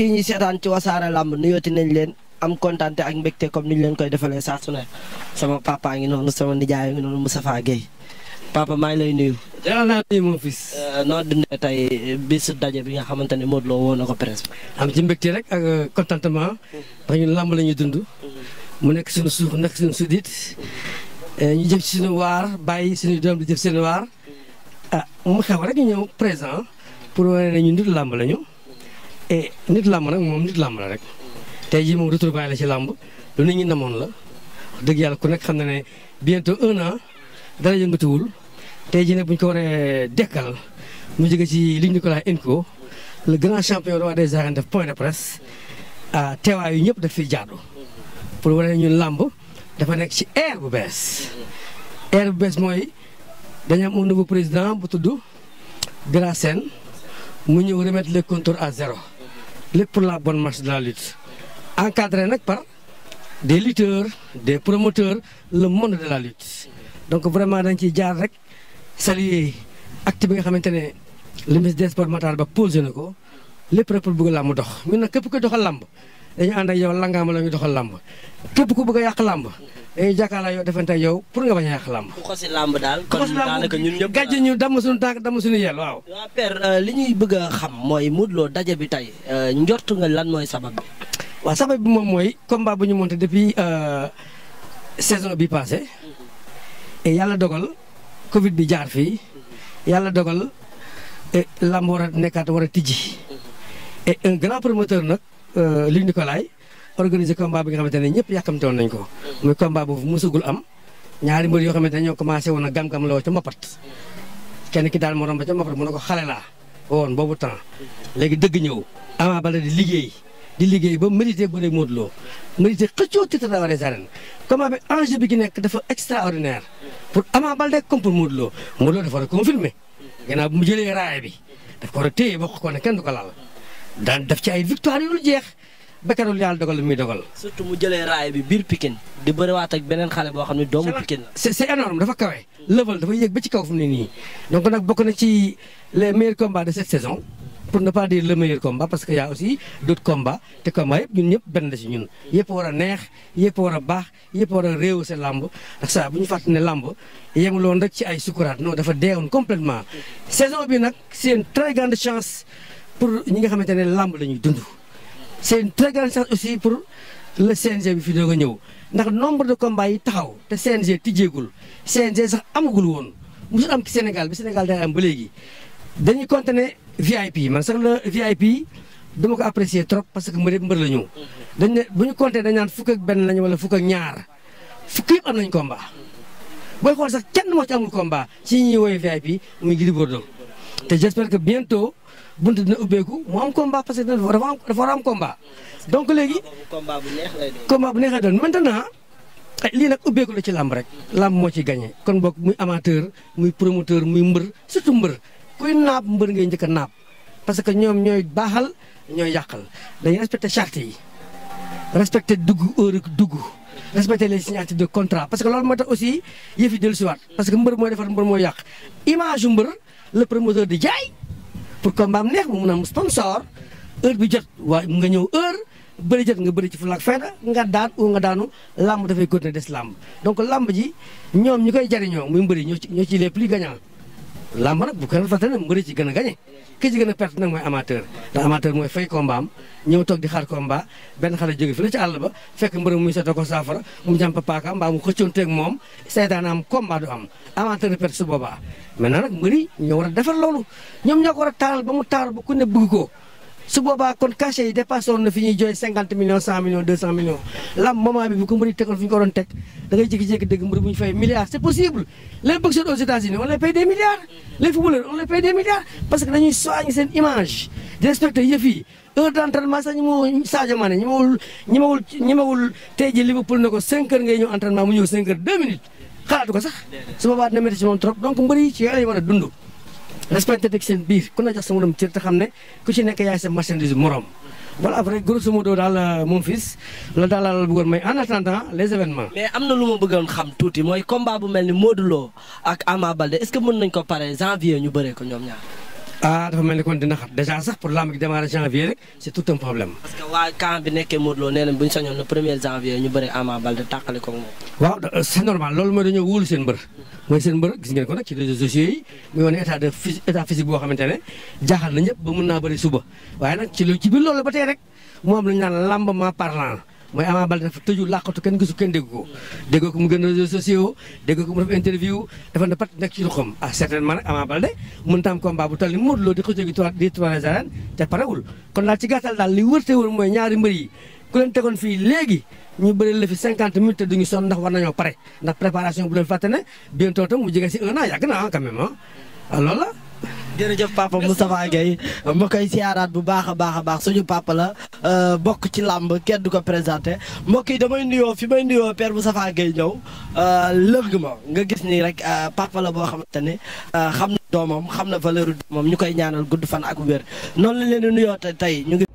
mbokk yi ñuy seetaan ci wasaare làmb nuyooti nañ leen am kontaan ak mbégte comme ni ñu leen koy defalee saa su ne sama papa ngi noonu sama nijaay ngi noonu Moustapha Guèye papa maa ngi lay nuyu. jërëjëf naa nuyu moom fii. Euh, noo dundee tey bisu daje bi nga xamante ne Modou Lo woo na ko presse. am ci mbégte rek ak euh, contentement. parce que ñun làmb la ñuy dund. mu nekk suñu suuf nekk suñu sudit euh, ñu jëf ci suñu waar bàyyi suñu doom di jëf seen waar ah mu xew rek ñëw présent pour wane ne ñun nit lañu. et eh, nit làmb nag moom nit làmb la rek tey jii moom retour bàyyi la ci làmb lu nit ñi namoon la dëgg yàlla ku nekk xam na ne bientôt un an dara yëngatuwul te jii ne bu ñu ko waree dekkal mu jóge ci Luc Nicolaï Enco le grand champion roi des arènes def point de presse ah teewaay yu ñëpp daf fiy jaadu pour wane ñun làmb dafa nekk ci ère bu bees ère bu bees mooy dañu am un nouveau président bu tudd Bira Sène mu ñëw remettre les compteurs à zéro lépp pour la bonne marche de la lutte encadré nag par des lutteurs des promoteurs le monde de donc vraiment dañ ciy jaar rek saluer acte bi nga xamante ne le ministre des sports Matar Ba posé na ko lépp rek pour bëgg làmb dox ñun nag képp koy doxal làmb dañu ànd ak yow langaam la ñu doxal làmb képp ku bëgg yàq làmb dañuy jàkkaarloo yow defante ak yow pour nga bañ a yàq làmb ku xosi làmb daal kon daanaka ñun ñëpp gàjj ñu damm suñu tànk damm suñu yel waaw euh, li ñuy bëgg a mooy Modou daje bi tey euh, njort lan mooy sabab bi waaw moom mooy combat bu ñu monté depuis euh, saison bi passé et yàlla dogal covid bi jaar fii yàlla dogal làmb war a nekkaat war a tijji et grand promoteur nag Euh, Luc Nicolaï organiser combat bi nga xamante ne ñëpp yàkkamte woon nañ ko. muy combat boobu mosagul am ñaari mbër yoo xamante ne ñoo commencé woon a gam-gam loo ca Mbapat. kenn daal moo romb ca Mbapat mu ne ko xale laa woon boobu temps léegi dëgg ñëw Ama Baldé di liggéey. di liggéey ba mérité bëre Modou Lo mérité xëccoo titre roi des arènes combat bi enjeu bi ki nekk dafa extraordinaire pour Ama Baldé comme pour Modou Lo Modou Lo dafa war a confirmer gannaaw bu mu a daan def ci ay victoire yu jeex ba keroog yàlla dogal la muy dogal. surtout mu jëlee raay bi biir Pikine di bëriwaat ak beneen xale boo xam ne doomu Pikine la. c'est dafa kawe. level dafa yéeg ba ci kaw fu mu ne nii donc nag bokk na ci les meilleurs de cette saison. pour ne pas dire le parce que y' a aussi d' autres te combats yëpp ñun ñëpp benn la ci ñun yëpp war a neex yëpp war a baax yëpp war a réew sa làmb ndax saa bu ñu fàttali ne làmb pour ñi nga xamante ne làmb la ñuy dund. c'est une sax grande aussi pour le CNG bi fi doo a ñëw ndax nombre de combats yi taxaw te CNG tijjeegul CNG sax amagul woon musul am ci Sénégal bi Sénégal day am ba léegi. dañuy continuer VIP man sax la VIP duma ko apprécier trop parce que mbër mbër la ñu. dañ ne bu ñu compter dañ naan fukk ak benn nañu wala fukk ak ñaar fukk yëpp am nañu combat. booy xool sax kenn moo ci amul combat si ñuy woowee VIP muy Gris te j'espère que bientôt bunt dina ubbeeku mu am combat parce que dafa am dafa war donc léegi. combat bu neexee lay doon combat bu neex lay lii nag ubbeeku la ci làmb rek làmb moo ci gagné kon boog muy amateur muy promoteur muy mbër surtout mbër kuy naab mbër ngay njëkk a naab parce que ñoom ñooy baaxal ñooy yàqal dañuy respecté charte yi respecté dugg heure dugg respecté les signatures de contrat parce que loolu moo tax aussi yëf yi dellusiwaat parce que mbër mooy defar mbër mooy yàq image mbër. le promoteur di jaay pour combat am neex mu mun am sponsor heure bi jot waaye nga ñëw heure bëri jot nga bëri ci fulaak fayda nga daan oo nga daanu làmb dafay continuer des làmb donc làmb ji ñoom ñu koy jariñoo muy mbëri ñoo ci ñoo ci les plus gagnants làmb nag bu kenn fàtte ne mbëri ci gën a gañe ki ci gën a perte nag mooy amateur ndax amateur mooy fay combat am ñëw toog di xaar combat benn xale jóge fi la ci àll ba fekk mbërë muy sota ko saafara mu jàmp paaka mbaa mu xëccoonteeg moom seetaan am combat du am amateur perte su boobaa maintenant nag mbëri ñoo war a defar loolu ñoom ñoo ko war a taaral ba mu taar ba ku ne bëgg ko su boobaa kon cachet yi na fi ñuy jooy cinquante millions cent millions deux cent millions lam moment bi bu ko mbëri fi ñu ko doon teg da ngay jékki-jékki dégg mbëri bu ñu fay milliards c'est possible les boxeurs aux États-Unis on les paye des milliards les footballeurs on les paye parce que dañuy soigner seen image di respecté yëf yi heure d'entraînement sax ñi mawul Sadio Mané ñi mawul ñi mawul ñi mawul tey ji Liverpool ne ko cinq heures ngay ñëw entraînement mu ñëw cinq heures deux minutes xalaatu ko sax war a dund respecté teg seen biir ku ne jox sa morom cër te xam ne ku ci nekk yaay sa marchandise morom. voilà après grosso modo daal euh, moom fils loolu daal laa bëggoon may en attendant les événements. mais am na lu ma bëggoon xam tuuti mooy combat bu mel ni Modou Lo ak Ama Balde est-ce que mën nañ ko pare janvier ñu bëree ko ñoom ñaar. ah dafa mel ni kon dina xat dèjà sax pour lamb gi démarrer janvier rek c' tout un problème. parce que waa camp bi nekkee Modou Lo nee nañ bu ñu sañoon le premier janvier ñu bëri Ama Baldé tàqale ko moom. waaw euh, c' normal loolu mooy dañoo wóolu seen mbër mooy seen mbër gis ngeen ko nag ci réseaux sociaux yi muy wane état de état physique boo xamante ne na ñëpp ba mun naa bëri suba waaye nag ci lu ci biir loolu ba tey rek moom mooy Ama Baldé dafa tëju làqatu kenn gisu kenn dégg ko dégg ko mu gën réseaux sociaux dégg ko mu def interview dafa ne pat nekk ci ruqam ah certainement nag Ama Baldé mën tam combat bu tal ni Modou Lo di xëccoo gi trois di trois arènes te parewul kon daal ci gàttal daal li wërte wul mooy ñaari mbër yi ku leen tegoon fii léegi ñu bëri la fi 50 minutes te duñu sonn ndax war nañoo pare ndax préparation bu leen fàtte ne bientôt tam mu jege si un an yàgg na ah, ah. ah la jërëjëf papa Moustapha Gueye ma koy siyaaraat bu baax a baax a baax su suñu papa la euh, bokk ci làmb kenn du ko présenté mbokk yi damay nuyoo fi may nuyoo père Moustapha Gueye ñëw euh, lëng ma nga gis ni rek euh, papa la boo xamante ne xam na doomam xam na valeur doomam ñu koy ñaanal gudd fan ak wér noonu leen di nuyoo tey ñu ngi